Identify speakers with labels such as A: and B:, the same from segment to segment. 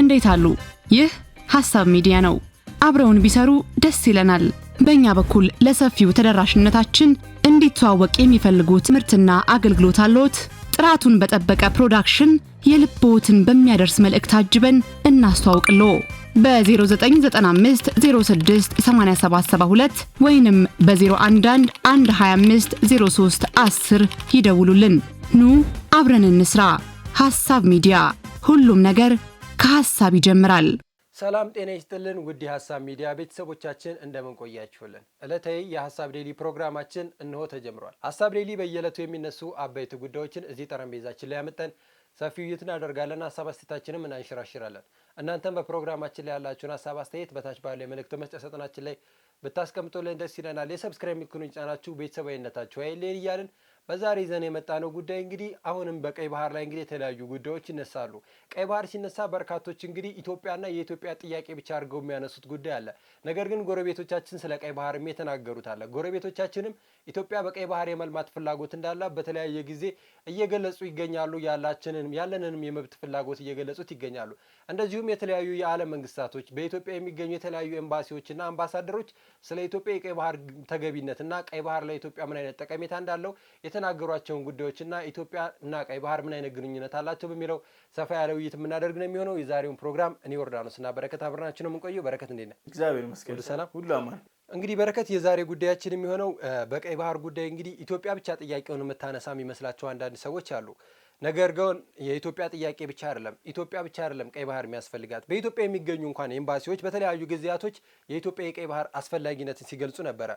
A: እንዴት አሉ? ይህ ሀሳብ ሚዲያ ነው። አብረውን ቢሰሩ ደስ ይለናል። በእኛ በኩል ለሰፊው ተደራሽነታችን እንዲተዋወቅ የሚፈልጉት ትምህርትና አገልግሎት አለዎት? ጥራቱን በጠበቀ ፕሮዳክሽን የልብዎትን በሚያደርስ መልእክት አጅበን እናስተዋውቅልዎ። በ0995 06 8772 ወይንም በ011 25 03 10 ይደውሉልን። ኑ አብረን እንስራ። ሐሳብ ሚዲያ ሁሉም ነገር ከሐሳብ ይጀምራል።
B: ሰላም ጤና ይስጥልን ውድ የሐሳብ ሚዲያ ቤተሰቦቻችን እንደምን ቆያችሁልን? ዕለታዊ የሐሳብ ዴሊ ፕሮግራማችን እንሆ ተጀምሯል። ሐሳብ ዴሊ በየዕለቱ የሚነሱ አበይት ጉዳዮችን እዚህ ጠረጴዛችን ላይ ያመጠን ሰፊ ውይይት እናደርጋለን። ሀሳብ አስተያየታችንም እናንሸራሽራለን። እናንተም በፕሮግራማችን ላይ ያላችሁን ሀሳብ አስተያየት በታች ባለው የመልእክት መስጫ ሳጥናችን ላይ ብታስቀምጡልን ደስ ይለናል። የሰብስክራይብ ምልክቱን ጫናችሁ ቤተሰባዊነታችሁ አይለየን እያልን በዛሬ ይዘን ነው ጉዳይ እንግዲህ አሁንም በቀይ ባህር ላይ እንግዲህ የተለያዩ ጉዳዮች ይነሳሉ። ቀይ ባህር ሲነሳ በርካቶች እንግዲህ ኢትዮጵያና የኢትዮጵያ ጥያቄ ብቻ አድርገው የሚያነሱት ጉዳይ አለ። ነገር ግን ጎረቤቶቻችን ስለ ቀይ ባህርም የተናገሩት አለ። ጎረቤቶቻችንም ኢትዮጵያ በቀይ ባህር የመልማት ፍላጎት እንዳላ በተለያየ ጊዜ እየገለጹ ይገኛሉ። ያላችንንም ያለንንም የመብት ፍላጎት እየገለጹት ይገኛሉ። እንደዚሁም የተለያዩ የዓለም መንግስታቶች በኢትዮጵያ የሚገኙ የተለያዩ ኤምባሲዎችና አምባሳደሮች ስለ ኢትዮጵያ የቀይ ባህር ተገቢነትና ቀይ ባህር ለኢትዮጵያ ምን አይነት ጠቀሜታ እንዳለው የተናገሯቸውን ጉዳዮችና ኢትዮጵያ እና ቀይ ባህር ምን አይነት ግንኙነት አላቸው በሚለው ሰፋ ያለ ውይይት የምናደርግ ነው የሚሆነው። የዛሬውን ፕሮግራም እኔ ዮርዳኖስ እና በረከት አብረናችን ነው የምንቆየው። በረከት እንዴት ነህ?
C: እግዚአብሔር ይመስገን ሰላም ሁሉ አማን።
B: እንግዲህ በረከት የዛሬ ጉዳያችን የሚሆነው በቀይ ባህር ጉዳይ እንግዲህ ኢትዮጵያ ብቻ ጥያቄውን የምታነሳ የሚመስላቸው አንዳንድ ሰዎች አሉ። ነገር ግን የኢትዮጵያ ጥያቄ ብቻ አይደለም፣ ኢትዮጵያ ብቻ አይደለም ቀይ ባህር የሚያስፈልጋት። በኢትዮጵያ የሚገኙ እንኳን ኤምባሲዎች በተለያዩ ጊዜያቶች የኢትዮጵያ የቀይ ባህር አስፈላጊነትን ሲገልጹ ነበረ።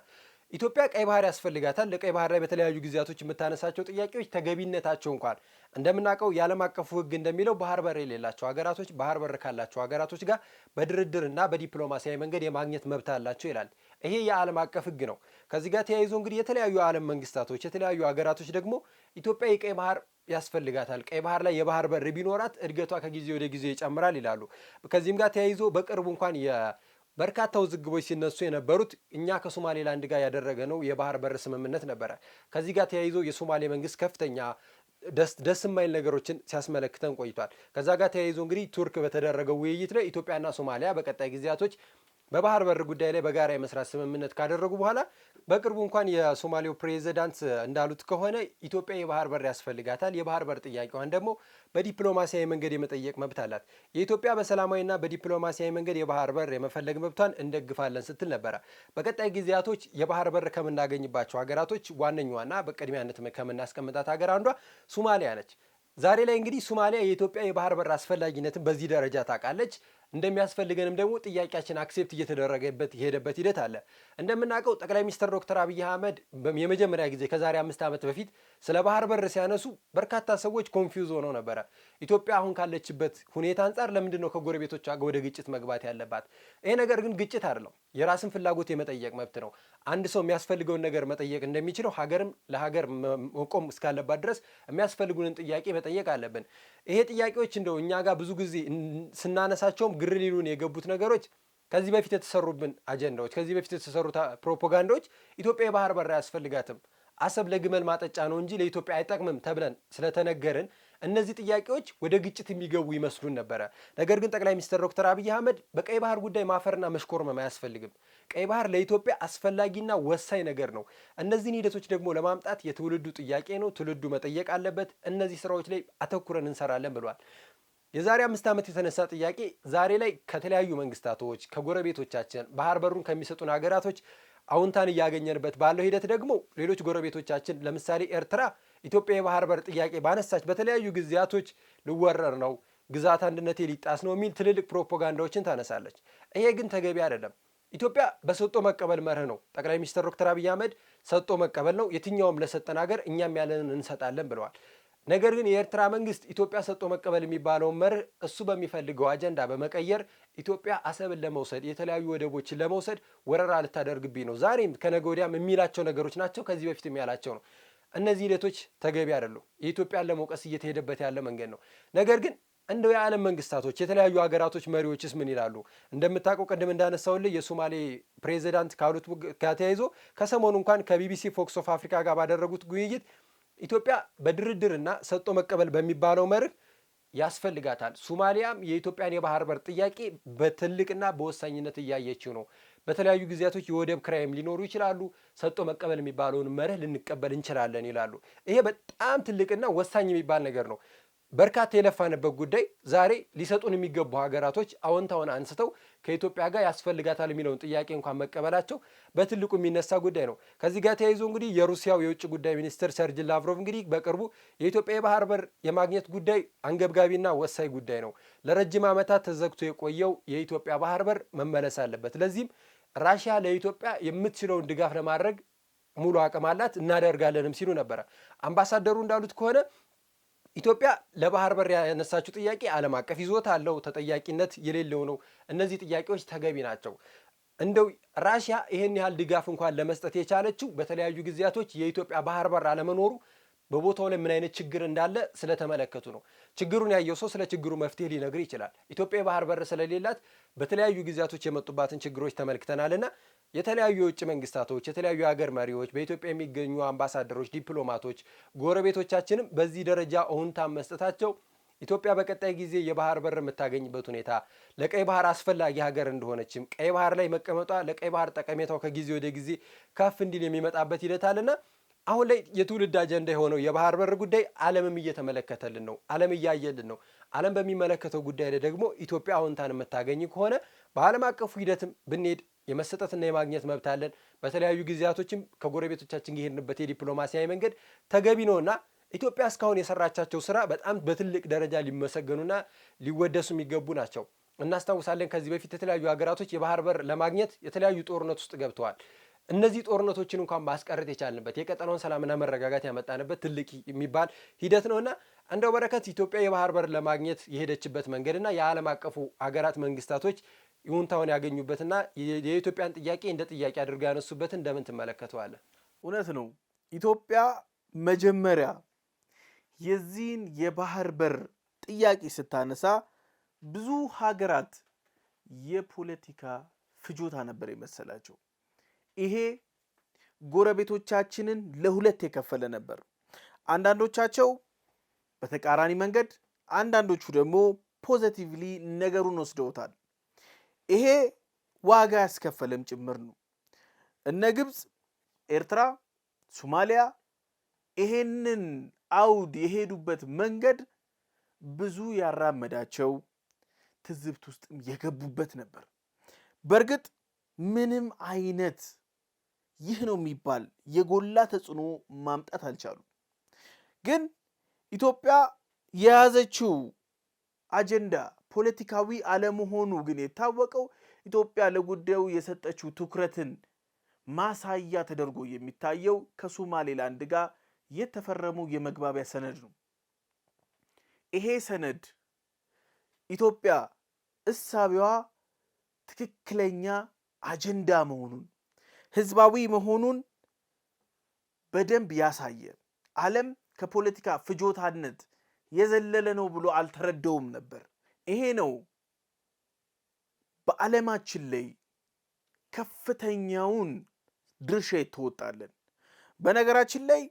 B: ኢትዮጵያ ቀይ ባህር ያስፈልጋታል። ለቀይ ባህር ላይ በተለያዩ ጊዜያቶች የምታነሳቸው ጥያቄዎች ተገቢነታቸው እንኳን እንደምናውቀው የዓለም አቀፉ ሕግ እንደሚለው ባህር በር የሌላቸው ሀገራቶች ባህር በር ካላቸው ሀገራቶች ጋር በድርድርና በዲፕሎማሲያዊ መንገድ የማግኘት መብት አላቸው ይላል። ይሄ የዓለም አቀፍ ሕግ ነው። ከዚህ ጋር ተያይዞ እንግዲህ የተለያዩ ዓለም መንግስታቶች፣ የተለያዩ ሀገራቶች ደግሞ ኢትዮጵያ የቀይ ባህር ያስፈልጋታል ቀይ ባህር ላይ የባህር በር ቢኖራት እድገቷ ከጊዜ ወደ ጊዜ ይጨምራል ይላሉ። ከዚህም ጋር ተያይዞ በቅርቡ እንኳን በርካታ ውዝግቦች ሲነሱ የነበሩት እኛ ከሶማሌላንድ ጋር ያደረገ ነው የባህር በር ስምምነት ነበረ። ከዚህ ጋር ተያይዞ የሶማሌ መንግስት ከፍተኛ ደስ የማይል ነገሮችን ሲያስመለክተን ቆይቷል። ከዛ ጋር ተያይዞ እንግዲህ ቱርክ በተደረገው ውይይት ላይ ኢትዮጵያና ሶማሊያ በቀጣይ ጊዜያቶች በባህር በር ጉዳይ ላይ በጋራ የመስራት ስምምነት ካደረጉ በኋላ በቅርቡ እንኳን የሶማሌው ፕሬዚዳንት እንዳሉት ከሆነ ኢትዮጵያ የባህር በር ያስፈልጋታል። የባህር በር ጥያቄዋን ደግሞ በዲፕሎማሲያዊ መንገድ የመጠየቅ መብት አላት። የኢትዮጵያ በሰላማዊና በዲፕሎማሲያዊ መንገድ የባህር በር የመፈለግ መብቷን እንደግፋለን ስትል ነበረ። በቀጣይ ጊዜያቶች የባህር በር ከምናገኝባቸው ሀገራቶች ዋነኛዋና በቅድሚያነት ከምናስቀምጣት ሀገር አንዷ ሶማሊያ ነች። ዛሬ ላይ እንግዲህ ሶማሊያ የኢትዮጵያ የባህር በር አስፈላጊነትን በዚህ ደረጃ ታውቃለች። እንደሚያስፈልገንም ደግሞ ጥያቄያችን አክሴፕት እየተደረገበት የሄደበት ሂደት አለ። እንደምናውቀው ጠቅላይ ሚኒስትር ዶክተር አብይ አህመድ የመጀመሪያ ጊዜ ከዛሬ አምስት ዓመት በፊት ስለ ባህር በር ሲያነሱ በርካታ ሰዎች ኮንፊውዝ ሆነው ነበረ። ኢትዮጵያ አሁን ካለችበት ሁኔታ አንጻር ለምንድን ነው ከጎረቤቶቿ ጋር ወደ ግጭት መግባት ያለባት? ይሄ ነገር ግን ግጭት አይደለም፣ የራስን ፍላጎት የመጠየቅ መብት ነው። አንድ ሰው የሚያስፈልገውን ነገር መጠየቅ እንደሚችለው ሀገርም ለሀገር መቆም እስካለባት ድረስ የሚያስፈልጉንን ጥያቄ መጠየቅ አለብን። ይሄ ጥያቄዎች እንደው እኛ ጋር ብዙ ጊዜ ስናነሳቸውም ግር ሊሉን የገቡት ነገሮች ከዚህ በፊት የተሰሩብን አጀንዳዎች፣ ከዚህ በፊት የተሰሩ ፕሮፓጋንዳዎች ኢትዮጵያ የባህር በር አያስፈልጋትም አሰብ ለግመል ማጠጫ ነው እንጂ ለኢትዮጵያ አይጠቅምም ተብለን ስለተነገርን እነዚህ ጥያቄዎች ወደ ግጭት የሚገቡ ይመስሉን ነበረ። ነገር ግን ጠቅላይ ሚኒስትር ዶክተር አብይ አህመድ በቀይ ባህር ጉዳይ ማፈርና መሽኮርመም አያስፈልግም። ቀይ ባህር ለኢትዮጵያ አስፈላጊና ወሳኝ ነገር ነው። እነዚህን ሂደቶች ደግሞ ለማምጣት የትውልዱ ጥያቄ ነው፣ ትውልዱ መጠየቅ አለበት። እነዚህ ስራዎች ላይ አተኩረን እንሰራለን ብሏል። የዛሬ አምስት ዓመት የተነሳ ጥያቄ ዛሬ ላይ ከተለያዩ መንግስታቶች ከጎረቤቶቻችን ባህር በሩን ከሚሰጡን ሀገራቶች አውንታን እያገኘንበት ባለው ሂደት ደግሞ ሌሎች ጎረቤቶቻችን ለምሳሌ ኤርትራ ኢትዮጵያ የባህር በር ጥያቄ ባነሳች በተለያዩ ጊዜያቶች ልወረር ነው፣ ግዛት አንድነቴ ሊጣስ ነው የሚል ትልልቅ ፕሮፓጋንዳዎችን ታነሳለች። ይሄ ግን ተገቢ አይደለም። ኢትዮጵያ በሰጦ መቀበል መርህ ነው። ጠቅላይ ሚኒስትር ዶክተር አብይ አህመድ ሰጦ መቀበል ነው። የትኛውም ለሰጠን ሀገር እኛም ያለንን እንሰጣለን ብለዋል። ነገር ግን የኤርትራ መንግስት ኢትዮጵያ ሰጥቶ መቀበል የሚባለውን መርህ እሱ በሚፈልገው አጀንዳ በመቀየር ኢትዮጵያ አሰብን ለመውሰድ የተለያዩ ወደቦችን ለመውሰድ ወረራ ልታደርግብኝ ነው፣ ዛሬም ከነገ ወዲያም የሚላቸው ነገሮች ናቸው። ከዚህ በፊትም ያላቸው ነው። እነዚህ ሂደቶች ተገቢ አይደሉም። የኢትዮጵያን ለመውቀስ እየተሄደበት ያለ መንገድ ነው። ነገር ግን እንደው የዓለም መንግስታቶች የተለያዩ ሀገራቶች መሪዎችስ ምን ይላሉ? እንደምታውቀው ቅድም እንዳነሳውልህ የሶማሌ ፕሬዚዳንት ካሉት ጋር ተያይዞ ከሰሞኑ እንኳን ከቢቢሲ ፎክስ ኦፍ አፍሪካ ጋር ባደረጉት ውይይት ኢትዮጵያ በድርድርና ሰጥቶ መቀበል በሚባለው መርህ ያስፈልጋታል። ሱማሊያም የኢትዮጵያን የባህር በር ጥያቄ በትልቅና በወሳኝነት እያየችው ነው። በተለያዩ ጊዜያቶች የወደብ ክራይም ሊኖሩ ይችላሉ። ሰጥቶ መቀበል የሚባለውን መርህ ልንቀበል እንችላለን ይላሉ። ይሄ በጣም ትልቅና ወሳኝ የሚባል ነገር ነው። በርካታ የለፋንበት ጉዳይ ዛሬ ሊሰጡን የሚገቡ ሀገራቶች አዎንታውን አንስተው ከኢትዮጵያ ጋር ያስፈልጋታል የሚለውን ጥያቄ እንኳን መቀበላቸው በትልቁ የሚነሳ ጉዳይ ነው። ከዚህ ጋር ተያይዞ እንግዲህ የሩሲያው የውጭ ጉዳይ ሚኒስትር ሰርጅ ላቭሮቭ እንግዲህ በቅርቡ የኢትዮጵያ የባህር በር የማግኘት ጉዳይ አንገብጋቢና ወሳኝ ጉዳይ ነው፣ ለረጅም ዓመታት ተዘግቶ የቆየው የኢትዮጵያ ባህር በር መመለስ አለበት፣ ለዚህም ራሽያ ለኢትዮጵያ የምትችለውን ድጋፍ ለማድረግ ሙሉ አቅም አላት፣ እናደርጋለንም ሲሉ ነበረ አምባሳደሩ እንዳሉት ከሆነ ኢትዮጵያ ለባህር በር ያነሳችው ጥያቄ ዓለም አቀፍ ይዞታ አለው፣ ተጠያቂነት የሌለው ነው። እነዚህ ጥያቄዎች ተገቢ ናቸው። እንደው ራሽያ ይህን ያህል ድጋፍ እንኳን ለመስጠት የቻለችው በተለያዩ ጊዜያቶች የኢትዮጵያ ባህር በር አለመኖሩ በቦታው ላይ ምን አይነት ችግር እንዳለ ስለተመለከቱ ነው። ችግሩን ያየው ሰው ስለ ችግሩ መፍትሄ ሊነግር ይችላል። ኢትዮጵያ የባህር በር ስለሌላት በተለያዩ ጊዜያቶች የመጡባትን ችግሮች ተመልክተናልና የተለያዩ የውጭ መንግስታቶች፣ የተለያዩ የሀገር መሪዎች፣ በኢትዮጵያ የሚገኙ አምባሳደሮች፣ ዲፕሎማቶች፣ ጎረቤቶቻችንም በዚህ ደረጃ እሁንታ መስጠታቸው ኢትዮጵያ በቀጣይ ጊዜ የባህር በር የምታገኝበት ሁኔታ ለቀይ ባህር አስፈላጊ ሀገር እንደሆነችም ቀይ ባህር ላይ መቀመጧ ለቀይ ባህር ጠቀሜታው ከጊዜ ወደ ጊዜ ከፍ እንዲል የሚመጣበት ሂደት አለና አሁን ላይ የትውልድ አጀንዳ የሆነው የባህር በር ጉዳይ ዓለምም እየተመለከተልን ነው። ዓለም እያየልን ነው። ዓለም በሚመለከተው ጉዳይ ላይ ደግሞ ኢትዮጵያ አዎንታን የምታገኝ ከሆነ በዓለም አቀፉ ሂደትም ብንሄድ የመሰጠትና የማግኘት መብት አለን። በተለያዩ ጊዜያቶችም ከጎረቤቶቻችን የሄድንበት የዲፕሎማሲያዊ መንገድ ተገቢ ነውና ኢትዮጵያ እስካሁን የሰራቻቸው ስራ በጣም በትልቅ ደረጃ ሊመሰገኑና ሊወደሱ የሚገቡ ናቸው። እናስታውሳለን ከዚህ በፊት የተለያዩ ሀገራቶች የባህር በር ለማግኘት የተለያዩ ጦርነት ውስጥ ገብተዋል። እነዚህ ጦርነቶችን እንኳን ማስቀረት የቻልንበት የቀጠናውን ሰላምና መረጋጋት ያመጣንበት ትልቅ የሚባል ሂደት ነውና እንደው በረከት ኢትዮጵያ የባህር በር ለማግኘት የሄደችበት መንገድና የዓለም አቀፉ ሀገራት መንግስታቶች ይሁንታውን ያገኙበትና የኢትዮጵያን ጥያቄ እንደ ጥያቄ አድርገው ያነሱበት እንደምን ትመለከተዋለ?
C: እውነት ነው። ኢትዮጵያ መጀመሪያ የዚህን የባህር በር ጥያቄ ስታነሳ ብዙ ሀገራት የፖለቲካ ፍጆታ ነበር የመሰላቸው። ይሄ ጎረቤቶቻችንን ለሁለት የከፈለ ነበር። አንዳንዶቻቸው በተቃራኒ መንገድ፣ አንዳንዶቹ ደግሞ ፖዘቲቭሊ ነገሩን ወስደውታል። ይሄ ዋጋ ያስከፈለም ጭምር ነው። እነ ግብፅ፣ ኤርትራ፣ ሶማሊያ ይሄንን አውድ የሄዱበት መንገድ ብዙ ያራመዳቸው ትዝብት ውስጥም የገቡበት ነበር። በእርግጥ ምንም አይነት ይህ ነው የሚባል የጎላ ተጽዕኖ ማምጣት አልቻሉም። ግን ኢትዮጵያ የያዘችው አጀንዳ ፖለቲካዊ አለመሆኑ ግን የታወቀው ኢትዮጵያ ለጉዳዩ የሰጠችው ትኩረትን ማሳያ ተደርጎ የሚታየው ከሶማሌላንድ ጋር የተፈረሙ የመግባቢያ ሰነድ ነው። ይሄ ሰነድ ኢትዮጵያ እሳቢዋ ትክክለኛ አጀንዳ መሆኑን ህዝባዊ መሆኑን በደንብ ያሳየ፣ ዓለም ከፖለቲካ ፍጆታነት የዘለለ ነው ብሎ አልተረደውም ነበር። ይሄ ነው በዓለማችን ላይ ከፍተኛውን ድርሻ የተወጣለን። በነገራችን ላይ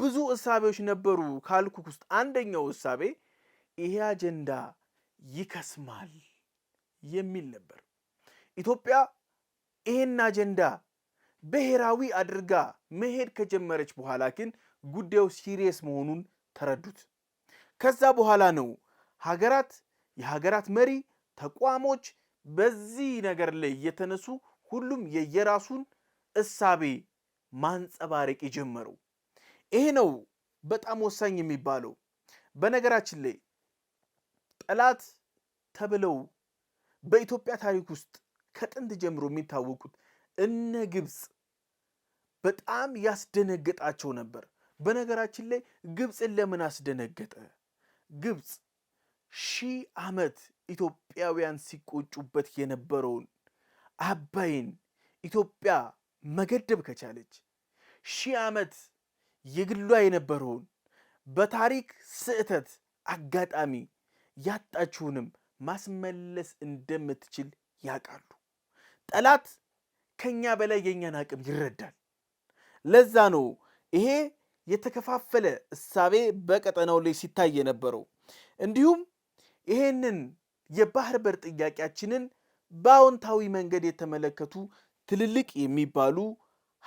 C: ብዙ እሳቤዎች ነበሩ ካልኩ ውስጥ አንደኛው እሳቤ ይሄ አጀንዳ ይከስማል የሚል ነበር። ኢትዮጵያ ይሄን አጀንዳ ብሔራዊ አድርጋ መሄድ ከጀመረች በኋላ ግን ጉዳዩ ሲሪየስ መሆኑን ተረዱት። ከዛ በኋላ ነው ሀገራት የሀገራት መሪ ተቋሞች በዚህ ነገር ላይ እየተነሱ ሁሉም የየራሱን እሳቤ ማንጸባረቅ የጀመሩ ይሄ ነው በጣም ወሳኝ የሚባለው። በነገራችን ላይ ጠላት ተብለው በኢትዮጵያ ታሪክ ውስጥ ከጥንት ጀምሮ የሚታወቁት እነ ግብፅ በጣም ያስደነገጣቸው ነበር። በነገራችን ላይ ግብፅን ለምን አስደነገጠ? ግብፅ ሺህ ዓመት ኢትዮጵያውያን ሲቆጩበት የነበረውን አባይን ኢትዮጵያ መገደብ ከቻለች ሺህ ዓመት የግሏ የነበረውን በታሪክ ስህተት አጋጣሚ ያጣችውንም ማስመለስ እንደምትችል ያውቃሉ። ጠላት ከኛ በላይ የእኛን አቅም ይረዳል። ለዛ ነው ይሄ የተከፋፈለ እሳቤ በቀጠናው ላይ ሲታይ የነበረው እንዲሁም ይሄንን የባህር በር ጥያቄያችንን በአዎንታዊ መንገድ የተመለከቱ ትልልቅ የሚባሉ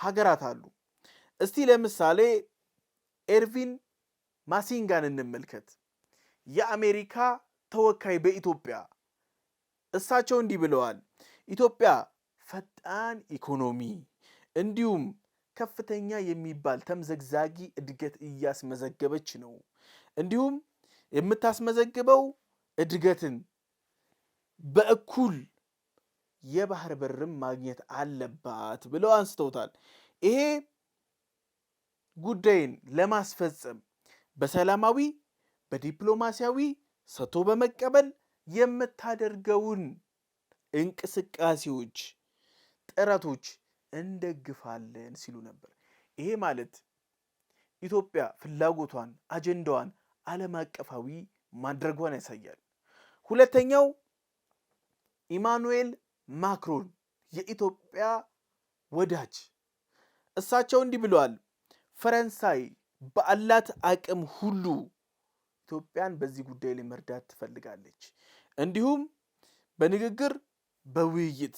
C: ሀገራት አሉ። እስቲ ለምሳሌ ኤርቪን ማሲንጋን እንመልከት። የአሜሪካ ተወካይ በኢትዮጵያ እሳቸው እንዲህ ብለዋል። ኢትዮጵያ ፈጣን ኢኮኖሚ እንዲሁም ከፍተኛ የሚባል ተምዘግዛጊ እድገት እያስመዘገበች ነው። እንዲሁም የምታስመዘግበው እድገትን በእኩል የባህር በርም ማግኘት አለባት ብለው አንስተውታል። ይሄ ጉዳይን ለማስፈጸም በሰላማዊ በዲፕሎማሲያዊ ሰጥቶ በመቀበል የምታደርገውን እንቅስቃሴዎች፣ ጥረቶች እንደግፋለን ሲሉ ነበር። ይሄ ማለት ኢትዮጵያ ፍላጎቷን፣ አጀንዳዋን ዓለም አቀፋዊ ማድረጓን ያሳያል። ሁለተኛው ኢማኑኤል ማክሮን የኢትዮጵያ ወዳጅ እሳቸው እንዲህ ብለዋል። ፈረንሳይ በአላት አቅም ሁሉ ኢትዮጵያን በዚህ ጉዳይ ላይ መርዳት ትፈልጋለች። እንዲሁም በንግግር በውይይት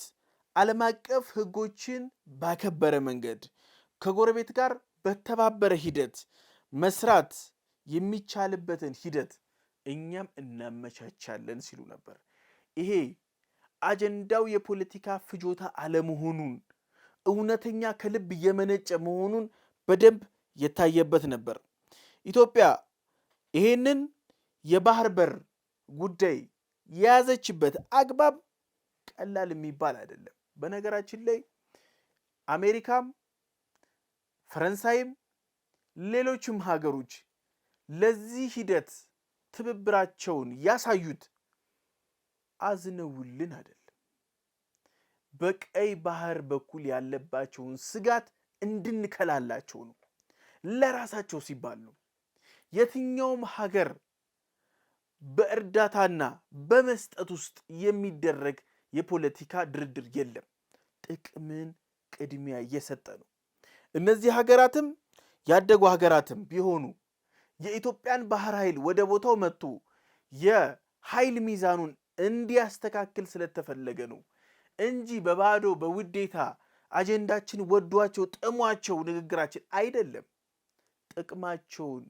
C: ዓለም አቀፍ ሕጎችን ባከበረ መንገድ ከጎረቤት ጋር በተባበረ ሂደት መስራት የሚቻልበትን ሂደት እኛም እናመቻቻለን ሲሉ ነበር። ይሄ አጀንዳው የፖለቲካ ፍጆታ አለመሆኑን እውነተኛ ከልብ የመነጨ መሆኑን በደንብ የታየበት ነበር። ኢትዮጵያ ይሄንን የባህር በር ጉዳይ የያዘችበት አግባብ ቀላል የሚባል አይደለም። በነገራችን ላይ አሜሪካም ፈረንሳይም ሌሎችም ሀገሮች ለዚህ ሂደት ትብብራቸውን ያሳዩት አዝነውልን አይደለም። በቀይ ባህር በኩል ያለባቸውን ስጋት እንድንከላላቸው ነው። ለራሳቸው ሲባል ነው። የትኛውም ሀገር በእርዳታና በመስጠት ውስጥ የሚደረግ የፖለቲካ ድርድር የለም። ጥቅምን ቅድሚያ እየሰጠ ነው። እነዚህ ሀገራትም ያደጉ ሀገራትም ቢሆኑ የኢትዮጵያን ባህር ኃይል ወደ ቦታው መጥቶ የኃይል ሚዛኑን እንዲያስተካክል ስለተፈለገ ነው እንጂ በባዶ በውዴታ አጀንዳችን ወዷቸው ጥሟቸው ንግግራችን አይደለም። ጥቅማቸውን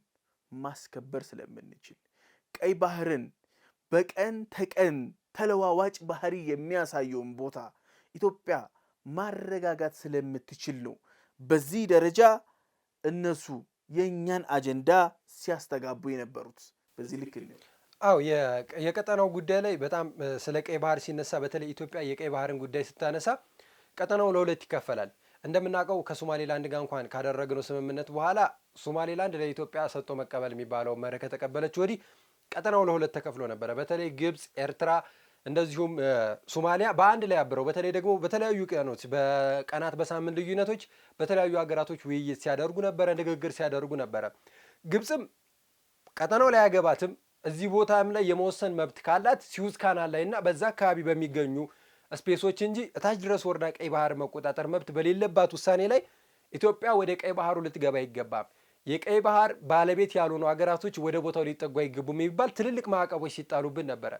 C: ማስከበር ስለምንችል ቀይ ባህርን በቀን ተቀን ተለዋዋጭ ባህሪ የሚያሳየውን ቦታ ኢትዮጵያ ማረጋጋት ስለምትችል ነው። በዚህ ደረጃ እነሱ የእኛን አጀንዳ ሲያስተጋቡ የነበሩት በዚህ ልክ
B: አው የቀጠናው ጉዳይ ላይ በጣም ስለ ቀይ ባህር ሲነሳ በተለይ ኢትዮጵያ የቀይ ባህርን ጉዳይ ስታነሳ ቀጠናው ለሁለት ይከፈላል። እንደምናውቀው ከሶማሌላንድ ጋር እንኳን ካደረግነው ስምምነት በኋላ ሶማሌላንድ ለኢትዮጵያ ሰጥቶ መቀበል የሚባለው መርህ ከተቀበለች ወዲህ ቀጠናው ለሁለት ተከፍሎ ነበረ። በተለይ ግብፅ፣ ኤርትራ እንደዚሁም ሶማሊያ በአንድ ላይ አብረው በተለይ ደግሞ በተለያዩ ቀኖች በቀናት በሳምንት ልዩነቶች በተለያዩ ሀገራቶች ውይይት ሲያደርጉ ነበረ፣ ንግግር ሲያደርጉ ነበረ። ግብፅም ቀጠናው ላይ ያገባትም እዚህ ቦታም ላይ የመወሰን መብት ካላት ሲዩዝ ካናል ላይ እና በዛ አካባቢ በሚገኙ ስፔሶች እንጂ እታች ድረስ ወርዳ ቀይ ባህር መቆጣጠር መብት በሌለባት ውሳኔ ላይ ኢትዮጵያ ወደ ቀይ ባህሩ ልትገባ አይገባም። የቀይ ባህር ባለቤት ያልሆኑ ሀገራቶች ወደ ቦታው ሊጠጉ አይገቡም የሚባል ትልልቅ ማዕቀቦች ሲጣሉብን ነበረ።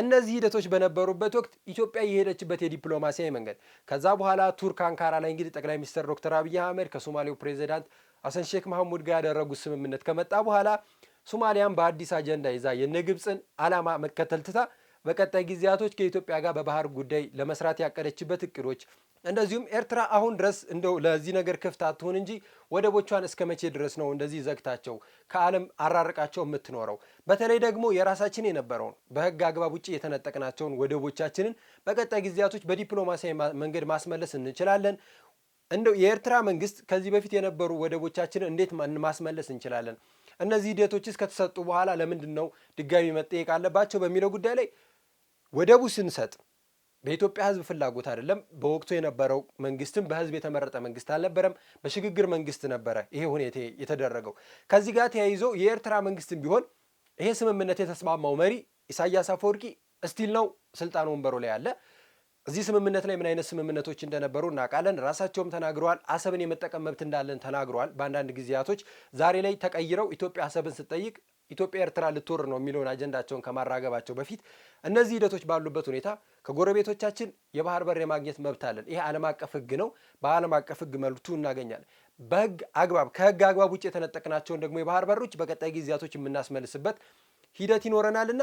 B: እነዚህ ሂደቶች በነበሩበት ወቅት ኢትዮጵያ የሄደችበት የዲፕሎማሲያዊ መንገድ ከዛ በኋላ ቱርክ አንካራ ላይ እንግዲህ ጠቅላይ ሚኒስትር ዶክተር አብይ አህመድ ከሶማሌው ፕሬዚዳንት አሰን ሼክ መሐሙድ ጋር ያደረጉት ስምምነት ከመጣ በኋላ ሶማሊያን በአዲስ አጀንዳ ይዛ የነግብፅን ዓላማ መከተል ትታ በቀጣይ ጊዜያቶች ከኢትዮጵያ ጋር በባህር ጉዳይ ለመስራት ያቀደችበት እቅዶች እንደዚሁም ኤርትራ አሁን ድረስ እንደው ለዚህ ነገር ክፍት አትሁን እንጂ ወደቦቿን እስከ መቼ ድረስ ነው እንደዚህ ዘግታቸው ከዓለም አራርቃቸው የምትኖረው? በተለይ ደግሞ የራሳችን የነበረውን በህግ አግባብ ውጭ የተነጠቅናቸውን ወደቦቻችንን በቀጣይ ጊዜያቶች በዲፕሎማሲያዊ መንገድ ማስመለስ እንችላለን። እንደው የኤርትራ መንግስት ከዚህ በፊት የነበሩ ወደቦቻችንን እንዴት ማስመለስ እንችላለን? እነዚህ ሂደቶችስ ከተሰጡ በኋላ ለምንድን ነው ድጋሚ መጠየቅ አለባቸው በሚለው ጉዳይ ላይ ወደቡ ስንሰጥ በኢትዮጵያ ህዝብ ፍላጎት አይደለም። በወቅቱ የነበረው መንግስትም በህዝብ የተመረጠ መንግስት አልነበረም። በሽግግር መንግስት ነበረ ይሄ ሁኔታ የተደረገው። ከዚህ ጋር ተያይዞ የኤርትራ መንግስትም ቢሆን ይሄ ስምምነት የተስማማው መሪ ኢሳያስ አፈወርቂ እስቲል ነው ስልጣን ወንበሩ ላይ አለ። እዚህ ስምምነት ላይ ምን አይነት ስምምነቶች እንደነበሩ እናውቃለን። ራሳቸውም ተናግረዋል። አሰብን የመጠቀም መብት እንዳለን ተናግረዋል በአንዳንድ ጊዜያቶች። ዛሬ ላይ ተቀይረው ኢትዮጵያ አሰብን ስትጠይቅ ኢትዮጵያ ኤርትራ ልትወር ነው የሚለውን አጀንዳቸውን ከማራገባቸው በፊት እነዚህ ሂደቶች ባሉበት ሁኔታ ከጎረቤቶቻችን የባህር በር የማግኘት መብት አለን። ይሄ ዓለም አቀፍ ህግ ነው። በዓለም አቀፍ ህግ መልቱ እናገኛለን። በህግ አግባብ ከህግ አግባብ ውጭ የተነጠቅናቸውን ደግሞ የባህር በሮች በቀጣይ ጊዜያቶች የምናስመልስበት ሂደት ይኖረናልና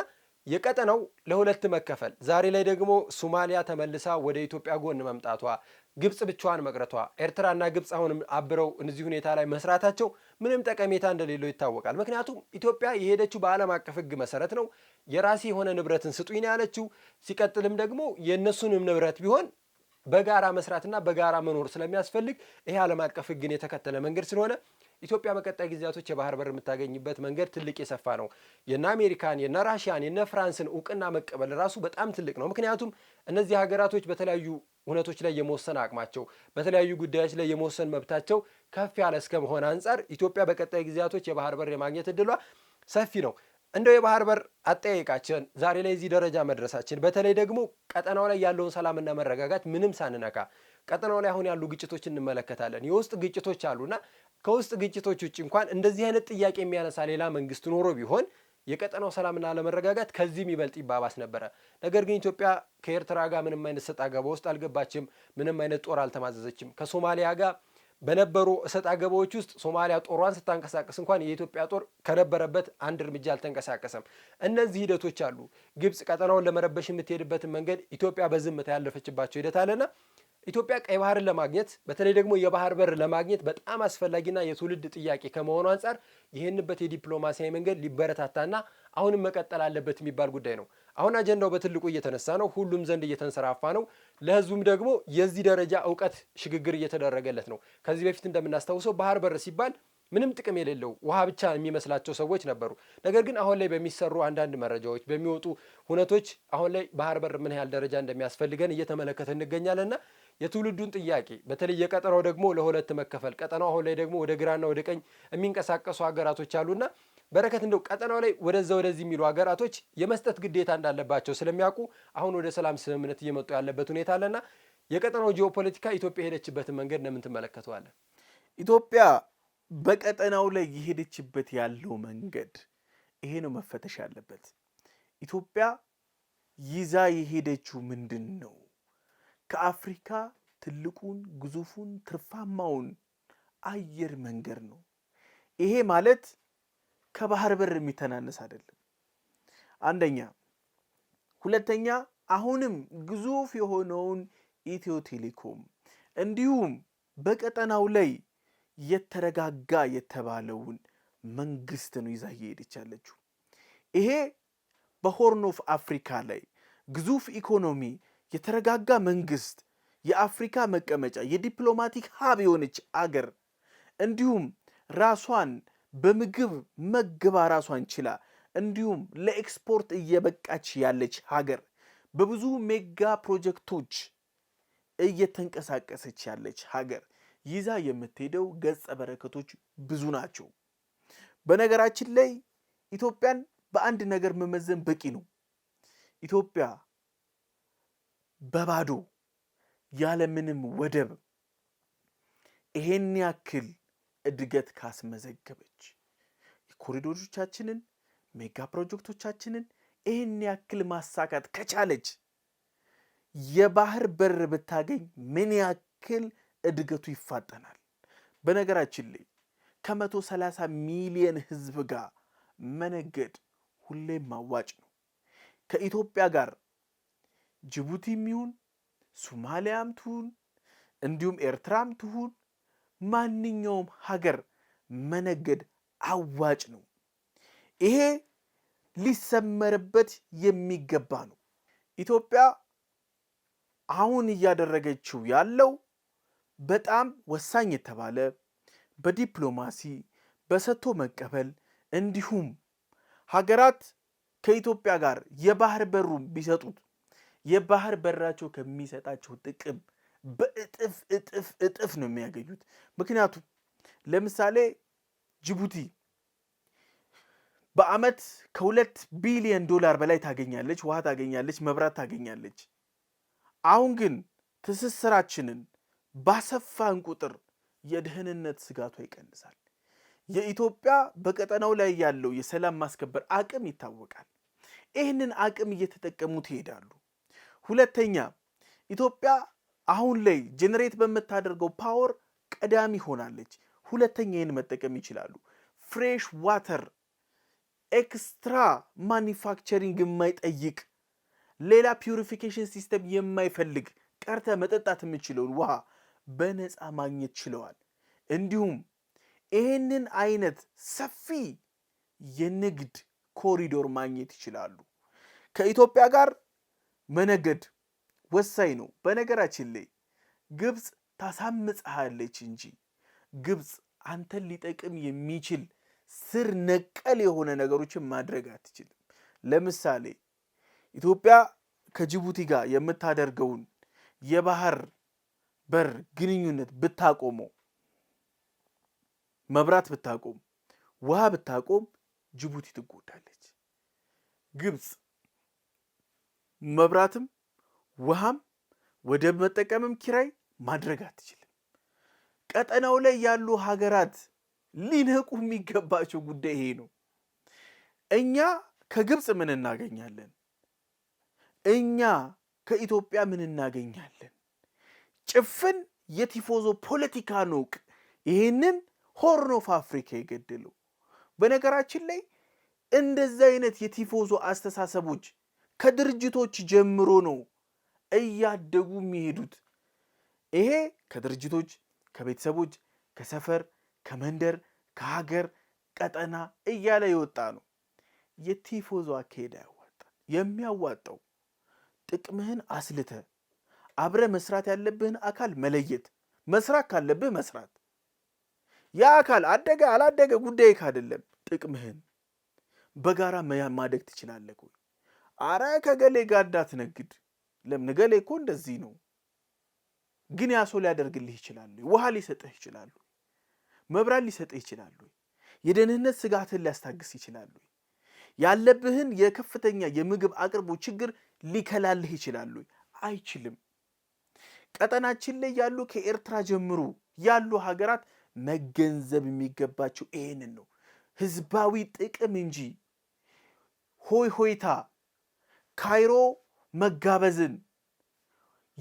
B: የቀጠናው ለሁለት መከፈል ዛሬ ላይ ደግሞ ሶማሊያ ተመልሳ ወደ ኢትዮጵያ ጎን መምጣቷ ግብፅ ብቻዋን መቅረቷ ኤርትራና ግብፅ አሁንም አብረው እነዚህ ሁኔታ ላይ መስራታቸው ምንም ጠቀሜታ እንደሌለው ይታወቃል። ምክንያቱም ኢትዮጵያ የሄደችው በዓለም አቀፍ ሕግ መሰረት ነው። የራሴ የሆነ ንብረትን ስጡኝ ነው ያለችው። ሲቀጥልም ደግሞ የእነሱንም ንብረት ቢሆን በጋራ መስራትና በጋራ መኖር ስለሚያስፈልግ ይሄ ዓለም አቀፍ ሕግን የተከተለ መንገድ ስለሆነ ኢትዮጵያ በቀጣይ ጊዜያቶች የባህር በር የምታገኝበት መንገድ ትልቅ የሰፋ ነው። የነ አሜሪካን የነ ራሽያን የነ ፍራንስን እውቅና መቀበል ራሱ በጣም ትልቅ ነው። ምክንያቱም እነዚህ ሀገራቶች በተለያዩ እውነቶች ላይ የመወሰን አቅማቸው በተለያዩ ጉዳዮች ላይ የመወሰን መብታቸው ከፍ ያለ እስከ መሆን አንጻር ኢትዮጵያ በቀጣይ ጊዜያቶች የባህር በር የማግኘት እድሏ ሰፊ ነው። እንደው የባህር በር አጠያየቃችን ዛሬ ላይ እዚህ ደረጃ መድረሳችን በተለይ ደግሞ ቀጠናው ላይ ያለውን ሰላምና መረጋጋት ምንም ሳንነካ ቀጠናው ላይ አሁን ያሉ ግጭቶች እንመለከታለን። የውስጥ ግጭቶች አሉና ከውስጥ ግጭቶች ውጭ እንኳን እንደዚህ አይነት ጥያቄ የሚያነሳ ሌላ መንግስት ኖሮ ቢሆን የቀጠናው ሰላምና አለመረጋጋት ከዚህም ይበልጥ ይባባስ ነበረ። ነገር ግን ኢትዮጵያ ከኤርትራ ጋር ምንም አይነት እሰጥ አገባ ውስጥ አልገባችም። ምንም አይነት ጦር አልተማዘዘችም። ከሶማሊያ ጋር በነበሩ እሰጥ አገባዎች ውስጥ ሶማሊያ ጦሯን ስታንቀሳቀስ እንኳን የኢትዮጵያ ጦር ከነበረበት አንድ እርምጃ አልተንቀሳቀሰም። እነዚህ ሂደቶች አሉ። ግብጽ ቀጠናውን ለመረበሽ የምትሄድበትን መንገድ ኢትዮጵያ በዝምታ ያለፈችባቸው ሂደት አለና ኢትዮጵያ ቀይ ባህርን ለማግኘት በተለይ ደግሞ የባህር በር ለማግኘት በጣም አስፈላጊና የትውልድ ጥያቄ ከመሆኑ አንጻር ይህንበት የዲፕሎማሲያዊ መንገድ ሊበረታታና አሁንም መቀጠል አለበት የሚባል ጉዳይ ነው። አሁን አጀንዳው በትልቁ እየተነሳ ነው። ሁሉም ዘንድ እየተንሰራፋ ነው። ለህዝቡም ደግሞ የዚህ ደረጃ እውቀት ሽግግር እየተደረገለት ነው። ከዚህ በፊት እንደምናስታውሰው ባህር በር ሲባል ምንም ጥቅም የሌለው ውሃ ብቻ የሚመስላቸው ሰዎች ነበሩ። ነገር ግን አሁን ላይ በሚሰሩ አንዳንድ መረጃዎች፣ በሚወጡ ሁነቶች አሁን ላይ ባህር በር ምን ያህል ደረጃ እንደሚያስፈልገን እየተመለከተ እንገኛለንና የትውልዱን ጥያቄ በተለይ የቀጠናው ደግሞ ለሁለት መከፈል ቀጠናው አሁን ላይ ደግሞ ወደ ግራና ወደ ቀኝ የሚንቀሳቀሱ ሀገራቶች አሉና በረከት እንደው ቀጠናው ላይ ወደዛ ወደዚህ የሚሉ ሀገራቶች የመስጠት ግዴታ እንዳለባቸው ስለሚያውቁ አሁን ወደ ሰላም ስምምነት እየመጡ ያለበት ሁኔታ አለና የቀጠናው ጂኦፖለቲካ ኢትዮጵያ የሄደችበትን መንገድ ለምን ትመለከተዋለን?
C: ኢትዮጵያ በቀጠናው ላይ የሄደችበት ያለው መንገድ ይሄ ነው መፈተሽ ያለበት። ኢትዮጵያ ይዛ የሄደችው ምንድን ነው? ከአፍሪካ ትልቁን ግዙፉን ትርፋማውን አየር መንገድ ነው። ይሄ ማለት ከባህር በር የሚተናነስ አይደለም። አንደኛ። ሁለተኛ አሁንም ግዙፍ የሆነውን ኢትዮ ቴሌኮም እንዲሁም በቀጠናው ላይ የተረጋጋ የተባለውን መንግስት ነው ይዛ እየሄደች ያለችው። ይሄ በሆርን ኦፍ አፍሪካ ላይ ግዙፍ ኢኮኖሚ የተረጋጋ መንግስት፣ የአፍሪካ መቀመጫ፣ የዲፕሎማቲክ ሀብ የሆነች አገር እንዲሁም ራሷን በምግብ መግባ ራሷን ችላ እንዲሁም ለኤክስፖርት እየበቃች ያለች ሀገር በብዙ ሜጋ ፕሮጀክቶች እየተንቀሳቀሰች ያለች ሀገር ይዛ የምትሄደው ገጸ በረከቶች ብዙ ናቸው። በነገራችን ላይ ኢትዮጵያን በአንድ ነገር መመዘን በቂ ነው። ኢትዮጵያ በባዶ ያለምንም ወደብ ይሄን ያክል እድገት ካስመዘገበች የኮሪዶሮቻችንን ሜጋ ፕሮጀክቶቻችንን ይህን ያክል ማሳካት ከቻለች የባህር በር ብታገኝ ምን ያክል እድገቱ ይፋጠናል። በነገራችን ላይ ከመቶ ሰላሳ ሚሊየን ህዝብ ጋር መነገድ ሁሌም አዋጭ ነው። ከኢትዮጵያ ጋር ጅቡቲም ይሁን ሱማሊያም ትሁን እንዲሁም ኤርትራም ትሁን ማንኛውም ሀገር መነገድ አዋጭ ነው። ይሄ ሊሰመርበት የሚገባ ነው። ኢትዮጵያ አሁን እያደረገችው ያለው በጣም ወሳኝ የተባለ በዲፕሎማሲ በሰጥቶ መቀበል እንዲሁም ሀገራት ከኢትዮጵያ ጋር የባህር በሩን ቢሰጡት የባህር በራቸው ከሚሰጣቸው ጥቅም በእጥፍ እጥፍ እጥፍ ነው የሚያገኙት። ምክንያቱም ለምሳሌ ጅቡቲ በአመት ከሁለት ቢሊዮን ዶላር በላይ ታገኛለች፣ ውሃ ታገኛለች፣ መብራት ታገኛለች። አሁን ግን ትስስራችንን ባሰፋን ቁጥር የደህንነት ስጋቷ ይቀንሳል። የኢትዮጵያ በቀጠናው ላይ ያለው የሰላም ማስከበር አቅም ይታወቃል። ይህንን አቅም እየተጠቀሙት ይሄዳሉ። ሁለተኛ ኢትዮጵያ አሁን ላይ ጄኔሬት በምታደርገው ፓወር ቀዳሚ ሆናለች። ሁለተኛ ይህን መጠቀም ይችላሉ። ፍሬሽ ዋተር ኤክስትራ ማኒፋክቸሪንግ የማይጠይቅ ሌላ ፒውሪፊኬሽን ሲስተም የማይፈልግ ቀርተ መጠጣት የምችለውን ውሃ በነፃ ማግኘት ችለዋል። እንዲሁም ይህንን አይነት ሰፊ የንግድ ኮሪዶር ማግኘት ይችላሉ ከኢትዮጵያ ጋር መነገድ ወሳኝ ነው። በነገራችን ላይ ግብፅ ታሳምጽሃለች እንጂ ግብፅ አንተን ሊጠቅም የሚችል ስር ነቀል የሆነ ነገሮችን ማድረግ አትችልም። ለምሳሌ ኢትዮጵያ ከጅቡቲ ጋር የምታደርገውን የባህር በር ግንኙነት ብታቆመው፣ መብራት ብታቆም፣ ውሃ ብታቆም ጅቡቲ ትጎዳለች ግብፅ መብራትም ውሃም ወደ መጠቀምም ኪራይ ማድረግ አትችልም። ቀጠናው ላይ ያሉ ሀገራት ሊነቁ የሚገባቸው ጉዳይ ይሄ ነው። እኛ ከግብፅ ምን እናገኛለን? እኛ ከኢትዮጵያ ምን እናገኛለን? ጭፍን የቲፎዞ ፖለቲካ ነውቅ ይህንን ሆርን ኦፍ አፍሪካ የገደለው። በነገራችን ላይ እንደዚህ አይነት የቲፎዞ አስተሳሰቦች ከድርጅቶች ጀምሮ ነው እያደጉ የሚሄዱት። ይሄ ከድርጅቶች፣ ከቤተሰቦች፣ ከሰፈር፣ ከመንደር፣ ከሀገር፣ ቀጠና እያለ የወጣ ነው። የቲፎዞ አካሄድ አያዋጣም። የሚያዋጣው ጥቅምህን አስልተ አብረ መስራት ያለብህን አካል መለየት፣ መስራት ካለብህ መስራት። ያ አካል አደገ አላደገ ጉዳይ ካደለም ጥቅምህን በጋራ ማደግ ትችላለህ። አረ ከገሌ ጋር እንዳትነግድ ለምን ገሌ እኮ እንደዚህ ነው። ግን ያ ሰው ሊያደርግልህ ይችላል። ውሃ ሊሰጥህ ይችላሉ። መብራት ሊሰጥህ ይችላሉ። የደህንነት ስጋትህን ሊያስታግስ ይችላሉ። ያለብህን የከፍተኛ የምግብ አቅርቦ ችግር ሊከላልህ ይችላሉ። አይችልም። ቀጠናችን ላይ ያሉ ከኤርትራ ጀምሮ ያሉ ሀገራት መገንዘብ የሚገባቸው ይሄንን ነው። ህዝባዊ ጥቅም እንጂ ሆይ ሆይታ ካይሮ መጋበዝን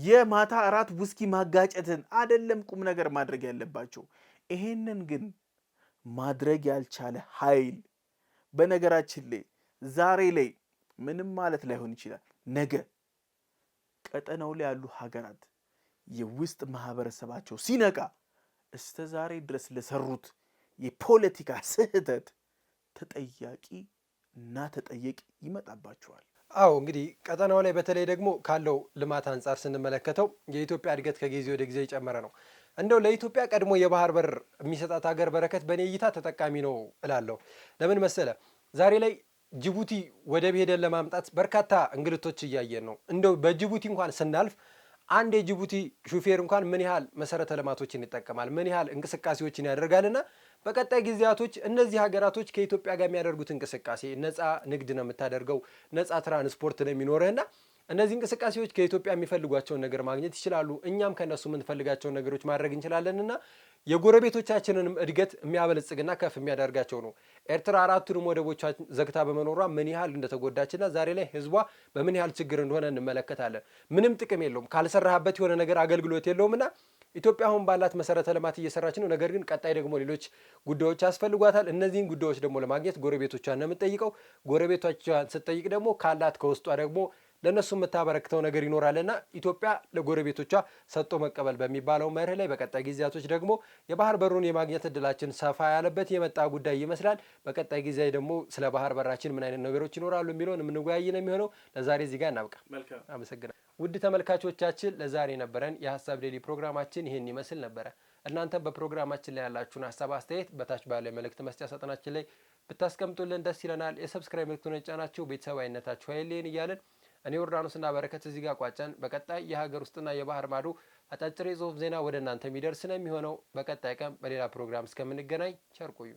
C: የማታ እራት ውስኪ ማጋጨትን አደለም ቁም ነገር ማድረግ ያለባቸው። ይሄንን ግን ማድረግ ያልቻለ ኃይል በነገራችን ላይ ዛሬ ላይ ምንም ማለት ላይሆን ይችላል። ነገ ቀጠናው ላይ ያሉ ሀገራት የውስጥ ማህበረሰባቸው ሲነቃ እስከ ዛሬ ድረስ ለሰሩት የፖለቲካ ስህተት ተጠያቂ እና ተጠየቅ ይመጣባቸዋል።
B: አዎ እንግዲህ ቀጠናው ላይ በተለይ ደግሞ ካለው ልማት አንጻር ስንመለከተው የኢትዮጵያ እድገት ከጊዜ ወደ ጊዜ የጨመረ ነው። እንደው ለኢትዮጵያ ቀድሞ የባህር በር የሚሰጣት ሀገር በረከት በእኔ እይታ ተጠቃሚ ነው እላለሁ። ለምን መሰለ? ዛሬ ላይ ጅቡቲ ወደብ ሄደን ለማምጣት በርካታ እንግልቶች እያየን ነው። እንደው በጅቡቲ እንኳን ስናልፍ አንድ የጅቡቲ ሹፌር እንኳን ምን ያህል መሰረተ ልማቶችን ይጠቀማል፣ ምን ያህል እንቅስቃሴዎችን ያደርጋልና በቀጣይ ጊዜያቶች እነዚህ ሀገራቶች ከኢትዮጵያ ጋር የሚያደርጉት እንቅስቃሴ ነፃ ንግድ ነው የምታደርገው፣ ነፃ ትራንስፖርት ነው የሚኖረህና እነዚህ እንቅስቃሴዎች ከኢትዮጵያ የሚፈልጓቸውን ነገር ማግኘት ይችላሉ። እኛም ከእነሱ የምንፈልጋቸውን ነገሮች ማድረግ እንችላለንና የጎረቤቶቻችንንም እድገት የሚያበለጽግና ከፍ የሚያደርጋቸው ነው። ኤርትራ አራቱንም ወደቦቿ ዘግታ በመኖሯ ምን ያህል እንደተጎዳችና ዛሬ ላይ ህዝቧ በምን ያህል ችግር እንደሆነ እንመለከታለን። ምንም ጥቅም የለውም ካልሰራህበት የሆነ ነገር አገልግሎት የለውምና ኢትዮጵያ አሁን ባላት መሰረተ ልማት እየሰራች ነው። ነገር ግን ቀጣይ ደግሞ ሌሎች ጉዳዮች ያስፈልጓታል። እነዚህን ጉዳዮች ደግሞ ለማግኘት ጎረቤቶቿን ነው የምትጠይቀው። ጎረቤቶቿን ስትጠይቅ ደግሞ ካላት ከውስጧ ደግሞ ለእነሱ የምታበረክተው ነገር ይኖራልና ኢትዮጵያ ለጎረቤቶቿ ሰጥቶ መቀበል በሚባለው መርህ ላይ በቀጣይ ጊዜያቶች ደግሞ የባህር በሩን የማግኘት እድላችን ሰፋ ያለበት የመጣ ጉዳይ ይመስላል። በቀጣይ ጊዜ ደግሞ ስለ ባህር በራችን ምን አይነት ነገሮች ይኖራሉ የሚለውን የምንወያይ ነው የሚሆነው። ለዛሬ እዚህ ጋር እናብቃ። አመሰግናል። ውድ ተመልካቾቻችን ለዛሬ ነበረን የሀሳብ ዴሊ ፕሮግራማችን ይህን ይመስል ነበረ። እናንተ በፕሮግራማችን ላይ ያላችሁን ሀሳብ አስተያየት በታች ባለ መልእክት መስጫ ሳጥናችን ላይ ብታስቀምጡልን ደስ ይለናል። የሰብስክራይብ ምልክቱን ጫናችሁ ቤተሰባዊነታችሁ ኃይሌን እያለን እኔ ዮርዳኖስና በረከት እዚህ ጋር ቋጨን። በቀጣይ የሀገር ውስጥና የባህር ማዶ አጫጭር የጽሁፍ ዜና ወደ እናንተ የሚደርስ ነው የሚሆነው። በቀጣይ ቀን በሌላ ፕሮግራም እስከምንገናኝ ቸር ቆዩ።